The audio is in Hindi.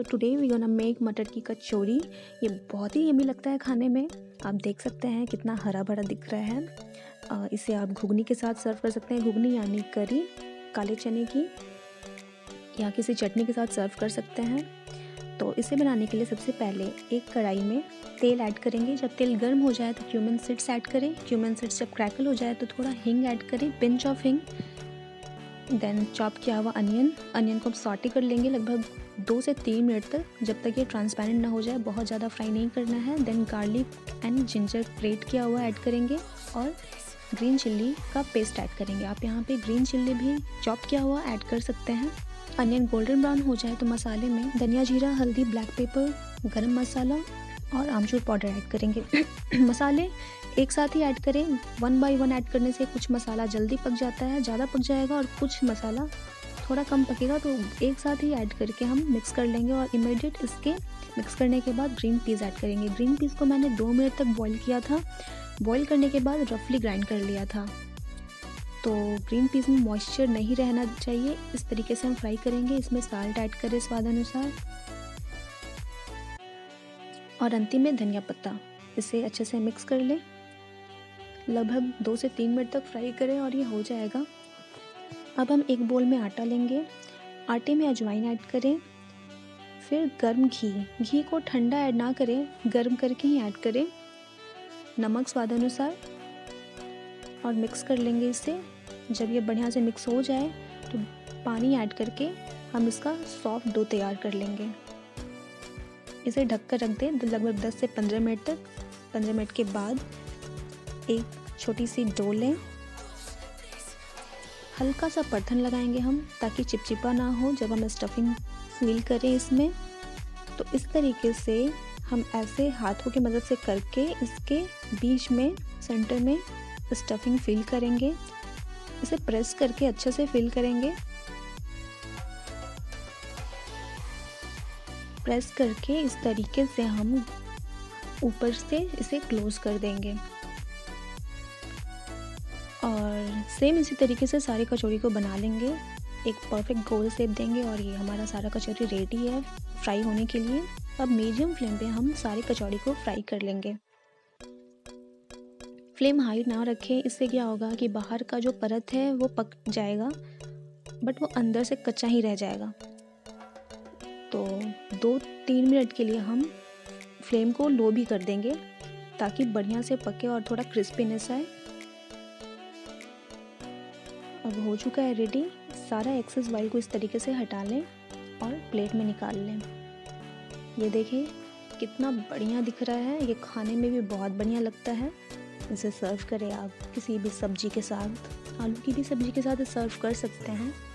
so today we gonna make मटर की कचौड़ी ये बहुत ही यमी लगता है खाने में आप देख सकते हैं कितना हरा भरा दिख रहा है इसे आप घुगनी के साथ सर्व कर सकते हैं घुगनी यानी करी काले चने की या किसी चटनी के साथ सर्व कर सकते हैं तो इसे बनाने के लिए सबसे पहले एक कढ़ाई में तेल ऐड करेंगे जब तेल गर्म हो जाए तो क्यूमन सीड्स ऐड करें क्यूमन सीड्स जब क्रैकल हो जाए तो थोड़ा हिंग ऐड करें pinch of hing then chop किया हुआ अनियन अनियन को हम सॉटे कर लेंगे लगभग दो से तीन मिनट तक जब तक ये ट्रांसपेरेंट ना हो जाए बहुत ज़्यादा फ्राई नहीं करना है then garlic and ginger grate किया हुआ ऐड करेंगे और ग्रीन चिल्ली का पेस्ट ऐड करेंगे आप यहाँ पे ग्रीन चिल्ली भी चॉप किया हुआ ऐड कर सकते हैं अनियन गोल्डन ब्राउन हो जाए तो मसाले में धनिया जीरा हल्दी ब्लैक पेपर गर्म मसाला और आमचूर पाउडर ऐड करेंगे मसाले एक साथ ही ऐड करें वन बाय वन ऐड करने से कुछ मसाला जल्दी पक जाता है ज़्यादा पक जाएगा और कुछ मसाला थोड़ा कम पकेगा तो एक साथ ही ऐड करके हम मिक्स कर लेंगे और इमीडिएट इसके मिक्स करने के बाद ग्रीन पीस ऐड करेंगे ग्रीन पीस को मैंने दो मिनट तक बॉईल किया था बॉईल करने के बाद रफली ग्राइंड कर लिया था तो ग्रीन पीस में मॉइस्चर नहीं रहना चाहिए इस तरीके से हम फ्राई करेंगे इसमें साल्ट ऐड करें स्वाद अनुसार और अंतिम में धनिया पत्ता इसे अच्छे से मिक्स कर लें लगभग दो से तीन मिनट तक फ्राई करें और ये हो जाएगा अब हम एक बोल में आटा लेंगे आटे में अजवाइन ऐड करें फिर गर्म घी घी को ठंडा ऐड ना करें गर्म करके ही ऐड करें नमक स्वाद अनुसार और मिक्स कर लेंगे इसे जब ये बढ़िया से मिक्स हो जाए तो पानी ऐड करके हम इसका सॉफ्ट डो तैयार कर लेंगे इसे ढककर रख दें लगभग 10 से 15 मिनट तक 15 मिनट के बाद एक छोटी सी डो लें हल्का सा पर्थन लगाएंगे हम ताकि चिपचिपा ना हो जब हम स्टफिंग फील करें इसमें तो इस तरीके से हम ऐसे हाथों की मदद से करके इसके बीच में सेंटर में स्टफिंग फील करेंगे इसे प्रेस करके अच्छे से फील करेंगे प्रेस करके इस तरीके से हम ऊपर से इसे क्लोज़ कर देंगे सेम इसी तरीके से सारी कचौड़ी को बना लेंगे एक परफेक्ट गोल सेप देंगे और ये हमारा सारा कचौड़ी रेडी है फ्राई होने के लिए अब मीडियम फ्लेम पे हम सारी कचौड़ी को फ्राई कर लेंगे फ्लेम हाई ना रखें इससे क्या होगा कि बाहर का जो परत है वो पक जाएगा बट वो अंदर से कच्चा ही रह जाएगा तो दो तीन मिनट के लिए हम फ्लेम को लो भी कर देंगे ताकि बढ़िया से पके और थोड़ा क्रिस्पीनेस आए अब हो चुका है रेडी सारा एक्सेस वाइल को इस तरीके से हटा लें और प्लेट में निकाल लें ये देखिए कितना बढ़िया दिख रहा है ये खाने में भी बहुत बढ़िया लगता है इसे सर्व करें आप किसी भी सब्जी के साथ आलू की भी सब्जी के साथ सर्व कर सकते हैं